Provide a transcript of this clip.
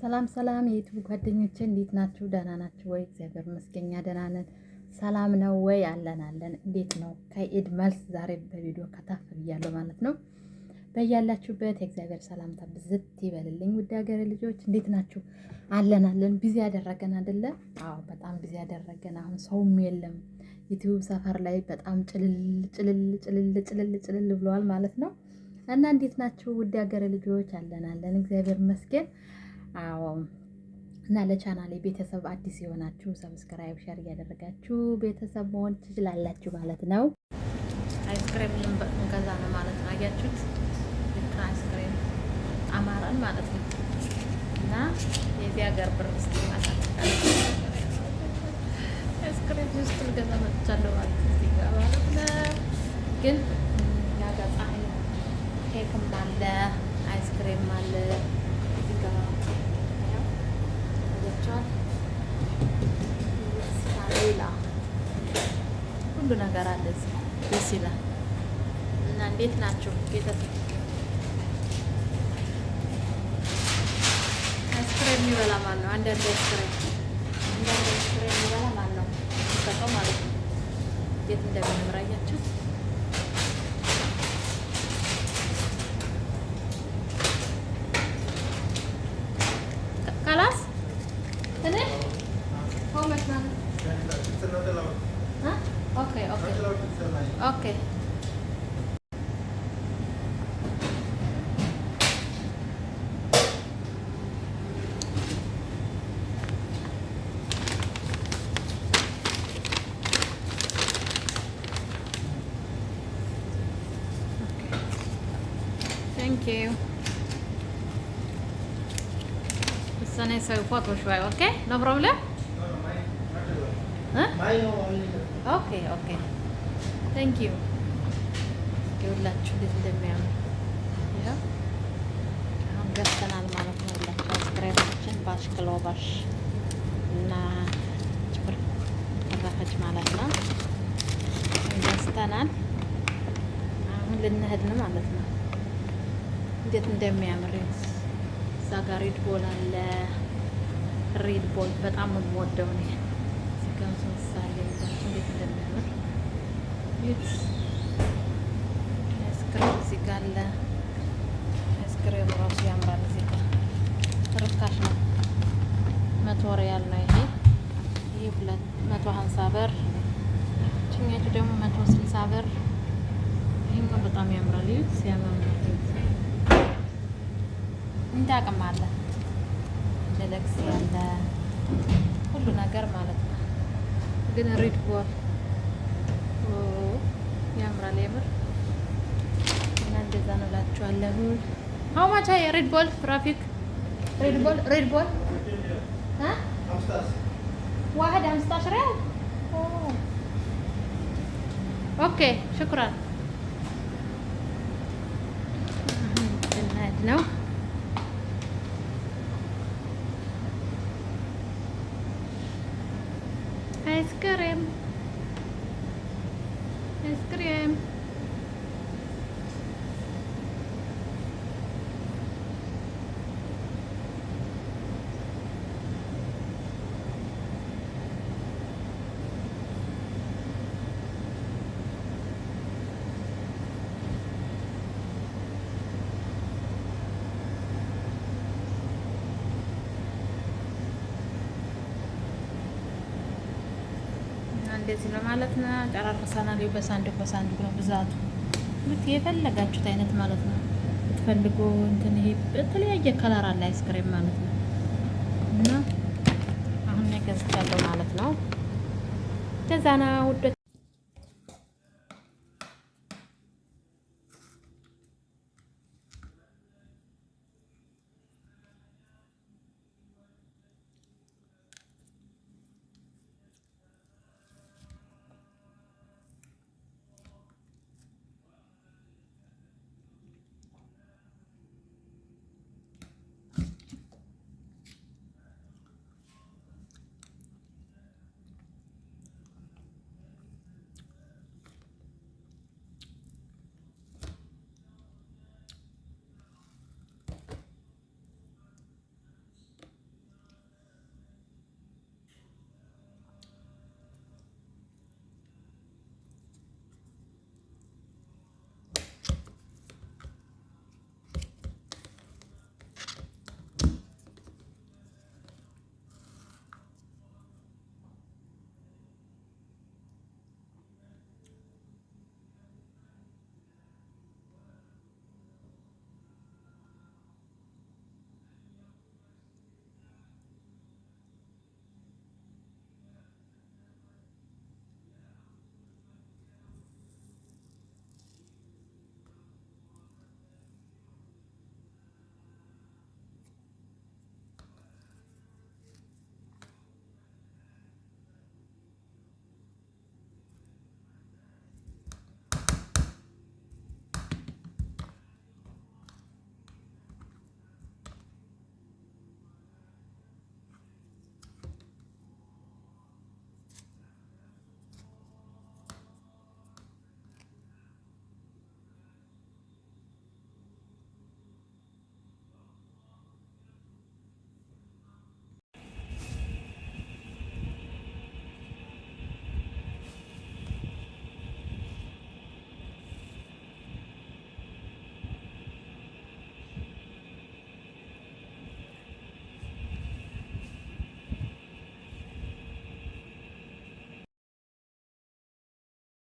ሰላም ሰላም የዩቱብ ጓደኞቼ እንዴት ናችሁ? ደህና ናችሁ ወይ? እግዚአብሔር ይመስገን ደህና ነን። ሰላም ነው ወይ? አለን አለን። እንዴት ነው? ከኢድ መልስ ዛሬ በቪዲዮ ከታፍ ብያለሁ ማለት ነው። በያላችሁበት የእግዚአብሔር ሰላምታ ብዝት ይበልልኝ። ውድ ሀገር ልጆች እንዴት ናችሁ? አለን አለን። ቢዚ ያደረገን አይደለ? አዎ በጣም ቢዚ ያደረገን። አሁን ሰውም የለም ዩቲዩብ ሰፈር ላይ በጣም ጭልል ጭልል ጭልል ጭልል ጭልል ብለዋል ማለት ነው። እና እንዴት ናችሁ? ውድ ሀገር ልጆች አለን አለን። እግዚአብሔር ይመስገን አዎ እና ለቻናሌ ቤተሰብ አዲስ የሆናችሁ ሰብስክራይብ፣ ሸር እያደረጋችሁ ቤተሰብ መሆን ትችላላችሁ ማለት ነው። አይስክሬም ነው ማለት ነው። አያችሁት? ልክ አይስክሬም አማራን ማለት ነው። እና የዚህ ሀገር ብር ስ አይስክሬም ውስጥ ልገዛ መጥቻለሁ ማለት ማለት ነው። ግን ፀሐይ ኬክም አለ አይስክሬም አለ ይዟል። ሌላ ሁሉ ነገር አለ እዚህ ደስ ይላል። እና እንዴት ናቸው ቤተሰብ? አይስክሬም የሚበላ ማን ነው? አንዳንድ አይስክሬም የሚበላ ማን ነው? ማለት ነው። የት እንደምንምራያቸው Thank you. Sana sa upat ushway, okay? No problem? Huh? Okay, okay. Thank you. ይኸውላችሁ እንዴት እንደሚያምር ይኸው አሁን ገብተናል ማለት ነው። ይኸውላችሁ አስክሬቶችን ባሽክሎባሽ እና ጭብር ተረፈች ማለት ነው። ገዝተናል አሁን ልንሄድ ነው ማለት ነው። እንዴት እንደሚያምር እዛ ጋር ሬድ ቦል አለ። ሬድ ቦል በጣም የምወደው ነው። ሲጋምሶንሳ እንዴት እንደሚያምር አይስክሬም እዚህ ጋር አለ። አይስክሬም ራሱ ያምራል። እዚህ ጋር ርካሽ ነው፣ መቶ ሪያል ነው ይሄ ይህ ሁለት መቶ ሀምሳ ብር ችኛቱ ደግሞ መቶ ስልሳ ብር። ይህም በጣም ያምራል። ይዩት ሲያማምር እንደ አቅም አለ እንደ ለቅስ ያለ ሁሉ ነገር ማለት ነው። ግን ሪድ ቦል ያምራል የምር እና እንደዛ ነው እላችኋለሁ። ሀው ማቻ የሬድ ቦል ትራፊክ ሬድ ቦል ሬድ ቦል ዋህድ አምስት አሽር ያህል ኦኬ ሽኩራን እናት ነው ice cream ice cream እንደዚህ በማለት ነው ጨራርሰናል። በሳንዱ በሳንዱ ነው ብዛቱ ምት የፈለጋችሁት አይነት ማለት ነው ብትፈልጉ እንትን ይሄ በተለያየ ከለር አለ አይስክሬም ማለት ነው። እና አሁን ገዝቻለሁ ማለት ነው። ከዛና ውደ